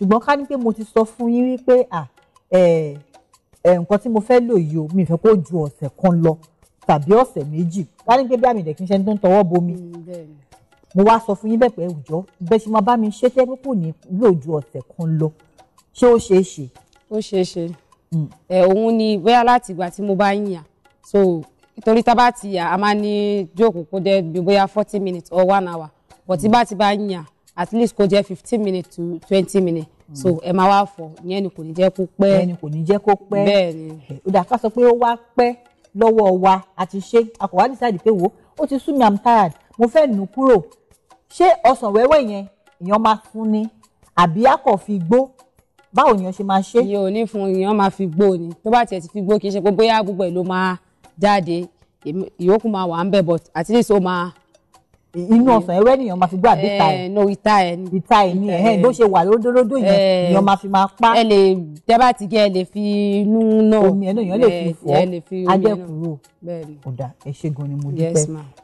ṣùgbọ́n ká ní pé mo ti sọ fún yín wípé nǹkan tí mo fẹ́ lò yìí o mi fẹ́ kó ju ọ̀sẹ̀ kan lọ tàbí ọ̀sẹ̀ méjì ká ní pé bí àmì ìdẹ̀kí iṣẹ́ tó ń tọwọ́ bomi mm, mo wá sọ fún yín bẹ́ẹ̀ pé ẹ̀wùjọ́ bẹ́ẹ̀ ṣe máa bá mi ṣe tẹ́ pé kò ní lò ju ọ̀sẹ̀ kan lọ ṣé ó ṣeé ṣe. ó ṣeé ṣe mm. ẹ òun ni bóyá láti ìgbà tí mo bá ń yàn so nítorí tá a bá ti yà a máa ní jókòó kó dé bóyá forty minutes or one hour but tí bá ti bá ń yàn at least kó jẹ́ fifteen minutes to twenty minutes so ẹ máa wá fọ ìyẹn ni kò ní jẹ́ kó pẹ́ ìyẹn ni kò ní jẹ́ kó pẹ́ bẹ́ẹ̀ ni sọ pé ó wá pẹ́ lọ́wọ́ wa àti ṣé àkọ́wá decide pé wo ó ti sú mi i'm tired mo fẹ́ nù kúrò ṣé ọsàn wẹ́wẹ́ yẹn èèyàn máa fún ni àbí a kò fi gbó báwo ni èèyàn ṣe máa ṣe. ìyẹn ò ní fún èèyàn máa fi gbó ni tó bá tiẹ̀ ti fi gbó kì í ṣe pé bóyá gbogbo ẹ̀ ló máa jáde ìyókù máa wà ń bẹ̀ but at least ó máa inú ọsàn ẹwẹ nìyẹn máa fi gbà bí ìta ẹ no ìta ẹ ni ìta ẹ ni ẹhẹn bó ṣe wà lódòdó yẹn nìyẹn eh, máa fi máa pa. ẹ lè dábàá ti jẹ ẹ lè fi inú náà omi ẹ náà yẹn lè fi eh, fọ ajẹ kúrò ọ̀dà ẹ ṣe gan ni mo dúpẹ́.